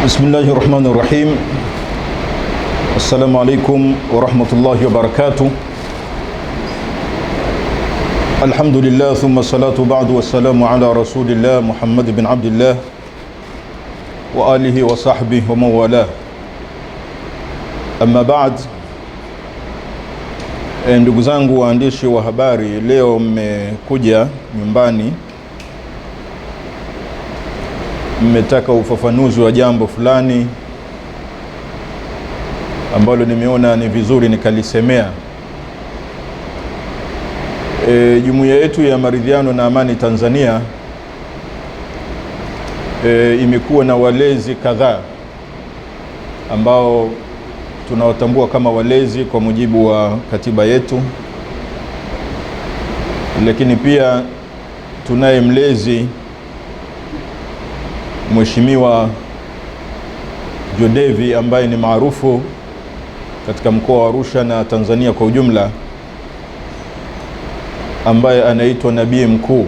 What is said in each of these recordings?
بسم الله الرحمن الرحيم السلام عليكم ورحمة الله وبركاته الحمد لله ثم الصلاة بعد والسلام على رسول الله محمد بن عبد الله وآله وصحبه وموالاه أما بعد ndugu zangu waandishi wa habari leo mmekuja nyumbani mmetaka ufafanuzi wa jambo fulani ambalo nimeona ni vizuri nikalisemea. E, jumuiya yetu ya maridhiano na amani Tanzania e, imekuwa na walezi kadhaa ambao tunawatambua kama walezi kwa mujibu wa katiba yetu, lakini pia tunaye mlezi Mheshimiwa Jodevi ambaye ni maarufu katika mkoa wa Arusha na Tanzania kwa ujumla, ambaye anaitwa nabii mkuu.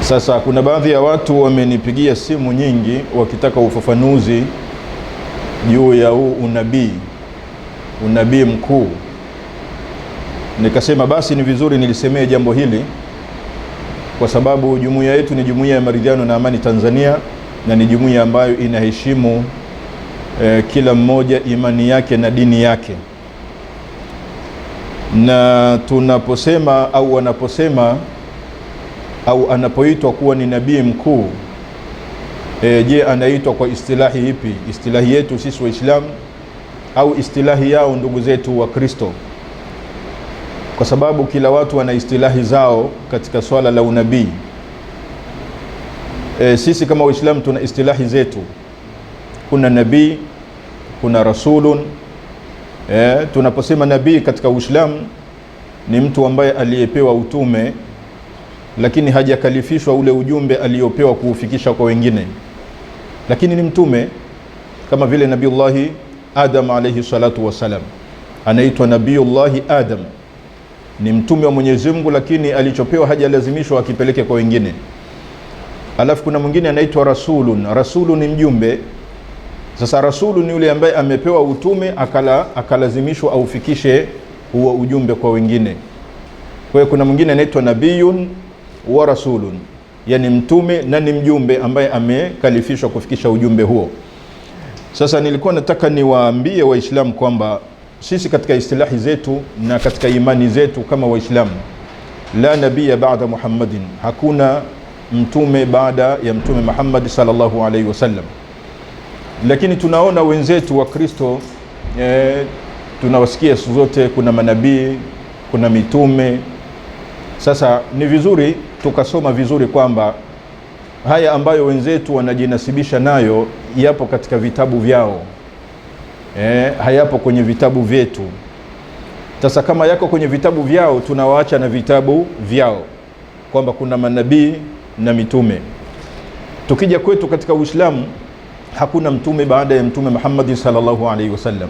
Sasa kuna baadhi ya watu wamenipigia simu nyingi wakitaka ufafanuzi juu ya huu unabii, unabii mkuu. Nikasema basi ni vizuri nilisemee jambo hili kwa sababu jumuiya yetu ni jumuiya ya maridhiano na amani Tanzania, na ni jumuiya ambayo inaheshimu eh, kila mmoja imani yake na dini yake, na tunaposema au wanaposema au anapoitwa kuwa ni nabii mkuu E, je, anaitwa kwa istilahi ipi? Istilahi yetu sisi Waislamu au istilahi yao ndugu zetu wa Kristo? kwa sababu kila watu wana istilahi zao katika swala la unabii. E, sisi kama Waislamu tuna istilahi zetu, kuna nabii, kuna rasulun. E, tunaposema nabii katika Uislamu ni mtu ambaye aliyepewa utume lakini hajakalifishwa ule ujumbe aliyopewa kuufikisha kwa wengine, lakini ni mtume kama vile Nabiullahi Adam alaihi salatu wassalam, anaitwa Nabiullahi Adam ni mtume wa Mwenyezi Mungu, lakini alichopewa hajalazimishwa akipeleke kwa wengine. Alafu kuna mwingine anaitwa rasulun. Rasulu ni mjumbe. Sasa rasulu ni yule ambaye amepewa utume akala, akalazimishwa aufikishe huo ujumbe kwa wengine. Kwa hiyo kuna mwingine anaitwa nabiyun wa rasulun, yani mtume na ni mjumbe ambaye amekalifishwa kufikisha ujumbe huo. Sasa nilikuwa nataka niwaambie Waislamu kwamba sisi katika istilahi zetu na katika imani zetu kama Waislamu, la nabiya baada Muhammadin, hakuna mtume baada ya Mtume Muhammad sallallahu alaihi wasallam. Lakini tunaona wenzetu wa Kristo e, tunawasikia siku zote kuna manabii, kuna mitume. Sasa ni vizuri tukasoma vizuri kwamba haya ambayo wenzetu wanajinasibisha nayo yapo katika vitabu vyao eh, hayapo kwenye vitabu vyetu. Sasa kama yako kwenye vitabu vyao, tunawaacha na vitabu vyao kwamba kuna manabii na mitume. Tukija kwetu katika Uislamu, hakuna mtume baada ya Mtume Muhammad sallallahu alaihi wasallam.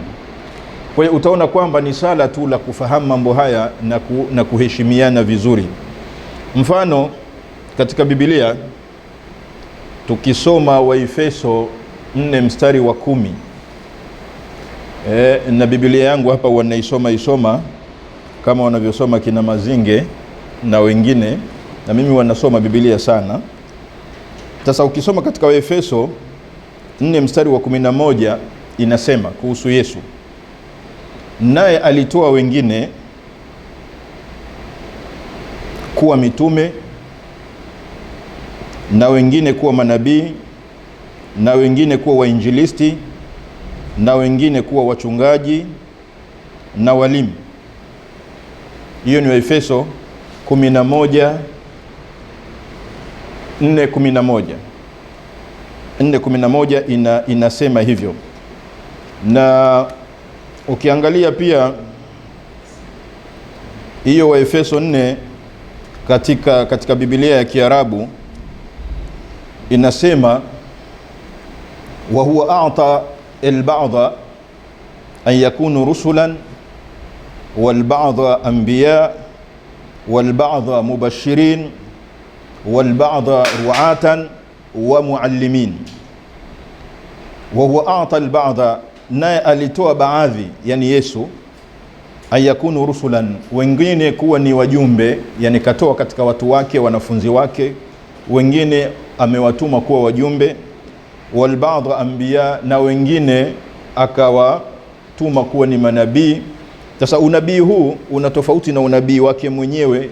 Kwa hiyo utaona kwamba ni sala tu la kufahamu mambo haya na, ku, na kuheshimiana vizuri. Mfano katika Biblia tukisoma Waefeso 4 mstari wa kumi E, na Biblia yangu hapa wanaisoma isoma kama wanavyosoma kina Mazinge na wengine, na mimi wanasoma Biblia sana. Sasa ukisoma katika Waefeso 4 mstari wa 11 inasema kuhusu Yesu, naye alitoa wengine kuwa mitume na wengine kuwa manabii na wengine kuwa wainjilisti na wengine kuwa wachungaji na walimu. Hiyo ni Waefeso 11 4:11 ina inasema hivyo, na ukiangalia pia hiyo Waefeso 4 katika, katika Biblia ya Kiarabu inasema wa huwa a'ta البعض أن يكونوا رسلا والبعض أنبياء والبعض مبشرين والبعض رعاة ومعلمين وهو أعطى البعض naye alitoa baadhi yani Yesu ayakunu rusulan, wengine kuwa ni wajumbe, yani katoa katika watu wake, wanafunzi wake, wengine amewatuma kuwa wajumbe walbadha anbiya, na wengine akawatuma kuwa ni manabii. Sasa unabii huu una tofauti na unabii wake mwenyewe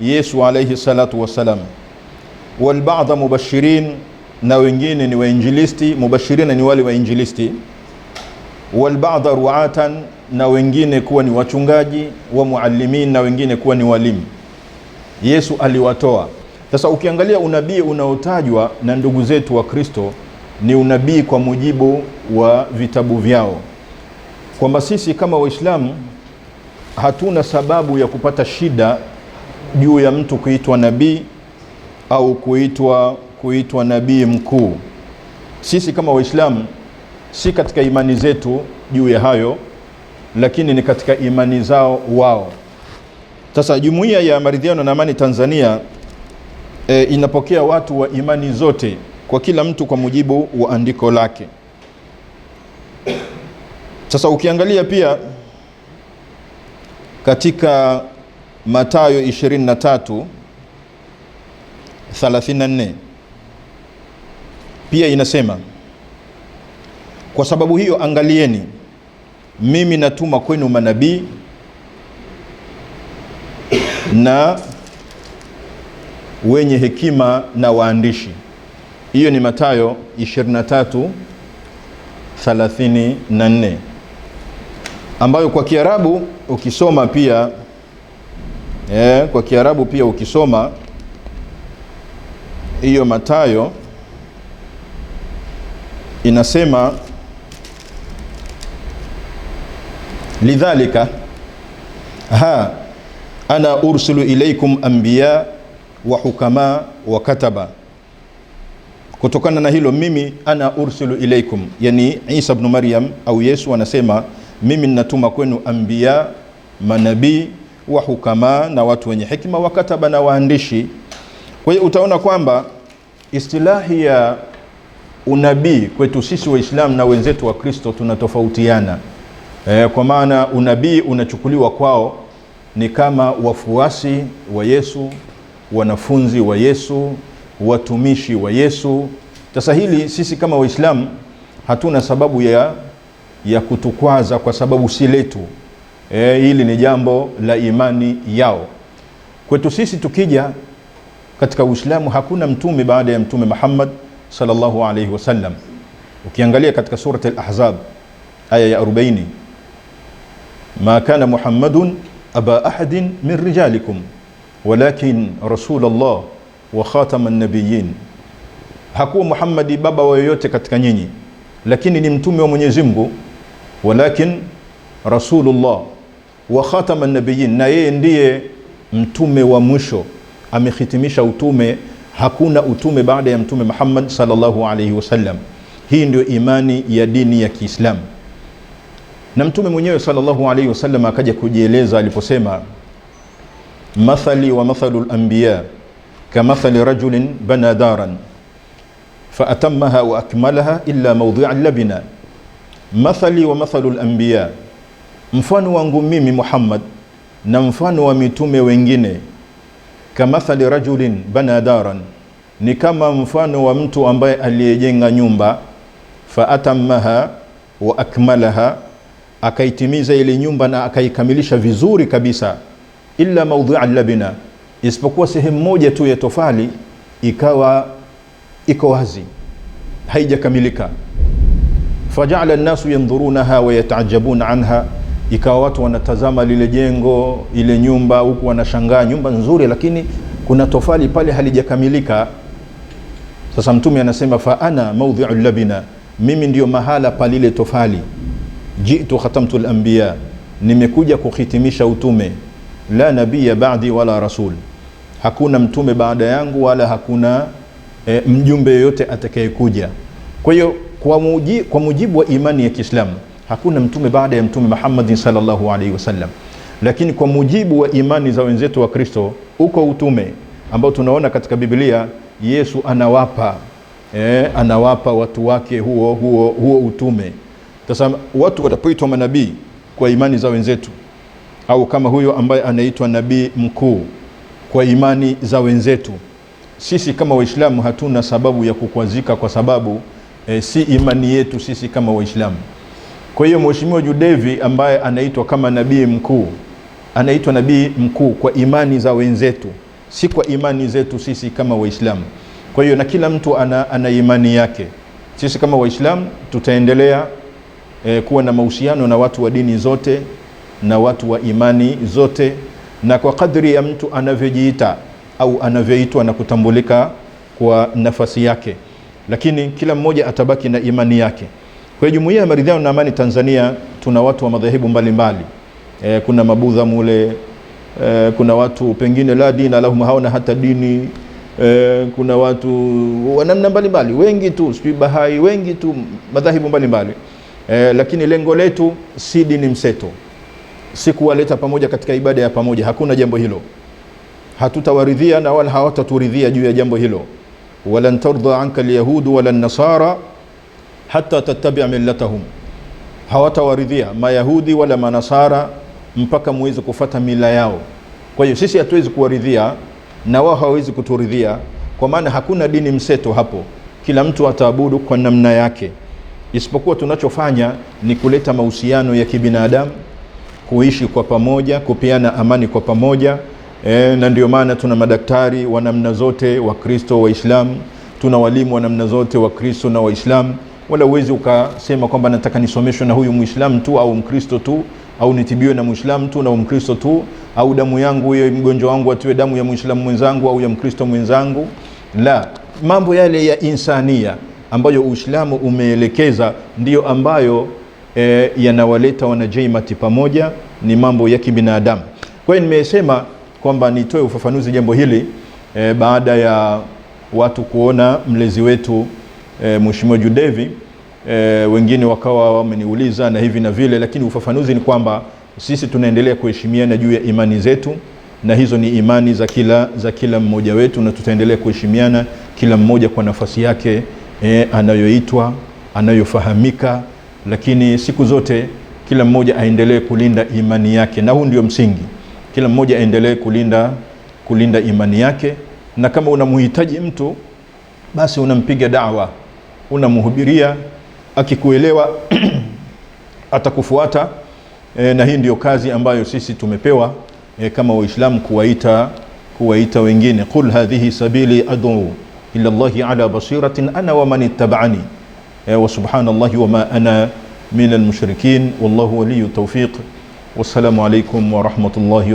Yesu alayhi salatu wassalam. Walbadha mubashirin, na wengine ni wainjilisti. Mubashirina ni wale wainjilisti. Walbadha ruatan, na wengine kuwa ni wachungaji wa muallimin, na wengine kuwa ni walimu. Yesu aliwatoa. Sasa ukiangalia unabii unaotajwa na ndugu zetu wa Kristo ni unabii kwa mujibu wa vitabu vyao, kwamba sisi kama Waislamu hatuna sababu ya kupata shida juu ya mtu kuitwa nabii au kuitwa kuitwa nabii mkuu. Sisi kama Waislamu si katika imani zetu juu ya hayo, lakini ni katika imani zao wao. Sasa Jumuiya ya Maridhiano na Amani Tanzania e, inapokea watu wa imani zote kwa kila mtu kwa mujibu wa andiko lake. Sasa ukiangalia pia katika Mathayo 23 34 pia inasema, kwa sababu hiyo angalieni, mimi natuma kwenu manabii na wenye hekima na waandishi hiyo ni Mathayo 23 34 ambayo kwa Kiarabu ukisoma pia eh, kwa Kiarabu pia ukisoma hiyo Mathayo inasema lidhalika ha ana ursulu ilaikum anbiya wa hukama wa kataba Kutokana na hilo, mimi ana ursilu ilaikum, yani Isa ibn Maryam au Yesu anasema mimi ninatuma kwenu anbiya, manabii wa hukama na watu wenye hekima, wakataba na waandishi. Kwa hiyo utaona kwamba istilahi ya unabii kwetu sisi Waislamu na wenzetu wa Kristo tunatofautiana. E, kwa maana unabii unachukuliwa kwao ni kama wafuasi wa Yesu, wanafunzi wa Yesu watumishi wa Yesu. Sasa hili sisi kama Waislamu hatuna sababu ya, ya kutukwaza kwa sababu si letu. E, hili ni jambo la imani yao. Kwetu sisi tukija katika Uislamu hakuna mtume baada ya Mtume Muhammad sallallahu alaihi wasallam. Ukiangalia katika Surat Al-Ahzab aya ya 40, ma kana Muhammadun aba ahadin min rijalikum walakin rasulullah wa khatama nabiyin, hakuwa Muhammadi baba wa yoyote katika nyinyi, lakini ni mtume wa Mwenyezi Mungu, walakin rasulullah wa khatama nabiyin, na yeye ndiye mtume wa mwisho, amehitimisha utume. Hakuna utume baada ya mtume Muhammad sallallahu alayhi wasallam. Hii ndio imani ya dini ya Kiislamu. Na mtume mwenyewe sallallahu alayhi wasallam akaja kujieleza aliposema, mathali wa mathalu al-anbiya kamathali rajulin bana daran faatamaha wa illa maudhia labina mathali wa mathalu lambiya, mfano wangu mimi Muhammad na mfano wa mitume wengine. Kamathali rajulin bana daran, ni kama mfano wa mtu ambaye aliyejenga nyumba. Faatamaha wa akaitimiza ile nyumba na akaikamilisha vizuri kabisa. Illa maudhia labina isipokuwa sehemu moja tu ya tofali ikawa iko wazi haijakamilika. Fajaala nnasu yandhurunaha wayatajabuna anha, ikawa watu wanatazama lile jengo, ile nyumba, huku wanashangaa, nyumba nzuri, lakini kuna tofali pale halijakamilika. Sasa Mtume anasema fa ana maudhiu labina, mimi ndiyo mahala pa lile tofali. Jitu khatamtu lambiya nimekuja kuhitimisha utume, la nabiya ba'di wala rasul hakuna mtume baada yangu wala hakuna e, mjumbe yoyote atakayekuja. Kwa hiyo kwa, mujibu, kwa mujibu wa imani ya Kiislamu hakuna mtume baada ya mtume Muhammad sallallahu alaihi wasallam, lakini kwa mujibu wa imani za wenzetu wa Kristo uko utume ambao tunaona katika Biblia Yesu anawapa e, anawapa watu wake huo, huo, huo utume. Sasa watu watapoitwa manabii kwa imani za wenzetu, au kama huyo ambaye anaitwa nabii mkuu kwa imani za wenzetu. Sisi kama Waislamu hatuna sababu ya kukwazika kwa sababu e, si imani yetu sisi kama Waislamu. Kwa hiyo Mheshimiwa Judevi ambaye anaitwa kama nabii mkuu, anaitwa nabii mkuu kwa imani za wenzetu, si kwa imani zetu sisi kama Waislamu. Kwa hiyo na kila mtu ana, ana imani yake. Sisi kama Waislamu tutaendelea e, kuwa na mahusiano na watu wa dini zote na watu wa imani zote na kwa kadri ya mtu anavyojiita au anavyoitwa na kutambulika kwa nafasi yake, lakini kila mmoja atabaki na imani yake. Kwa jumuiya ya maridhiano na amani Tanzania tuna watu wa madhehebu mbalimbali e, kuna mabudha mule e, kuna watu pengine la dina lahum, hawana hata dini e, kuna watu wa namna mbalimbali wengi tu, sijui Bahai wengi tu, madhehebu mbalimbali e, lakini lengo letu si dini mseto sikuwaleta pamoja katika ibada ya pamoja. Hakuna jambo hilo, hatutawaridhia na wala hawataturidhia juu ya jambo hilo. walan tardha anka alyahudu wala nasara hata tattabi millatahum, hawatawaridhia mayahudi wala manasara mpaka muweze kufata mila yao. Kwa hiyo sisi hatuwezi kuwaridhia na wao hawawezi kuturidhia, kwa maana hakuna dini mseto hapo. Kila mtu ataabudu kwa namna yake, isipokuwa tunachofanya ni kuleta mahusiano ya kibinadamu kuishi kwa pamoja, kupeana amani kwa pamoja e, na ndio maana tuna madaktari wa namna zote Wakristo, Waislamu, tuna walimu wa namna zote Wakristo na Waislamu. Wala uwezi ukasema kwamba nataka nisomeshwe na huyu Muislamu tu au Mkristo tu au nitibiwe na Muislamu tu na Mkristo tu au damu yangu hiyo mgonjwa wangu atiwe damu ya Muislamu mwenzangu au ya Mkristo mwenzangu. La, mambo yale ya insania ambayo Uislamu umeelekeza ndiyo ambayo e, yanawaleta wanajaimati pamoja, ni mambo ya kibinadamu. Kwa hiyo nimesema kwamba nitoe ufafanuzi jambo hili e, baada ya watu kuona mlezi wetu e, Mheshimiwa Judevi e, wengine wakawa wameniuliza na hivi na vile, lakini ufafanuzi ni kwamba sisi tunaendelea kuheshimiana juu ya imani zetu na hizo ni imani za kila, za kila mmoja wetu, na tutaendelea kuheshimiana kila mmoja kwa nafasi yake e, anayoitwa anayofahamika lakini siku zote kila mmoja aendelee kulinda imani yake, na huu ndio msingi. Kila mmoja aendelee kulinda kulinda imani yake, na kama unamhitaji mtu basi unampiga dawa, unamhubiria, akikuelewa atakufuata. E, na hii ndio kazi ambayo sisi tumepewa e, kama Waislamu kuwaita kuwaita wengine, qul hadhihi sabili adu ila llahi ala basiratin ana wa man ittaba'ani وسبحان الله وما أنا من المشركين والله ولي التوفيق والسلام عليكم ورحمة الله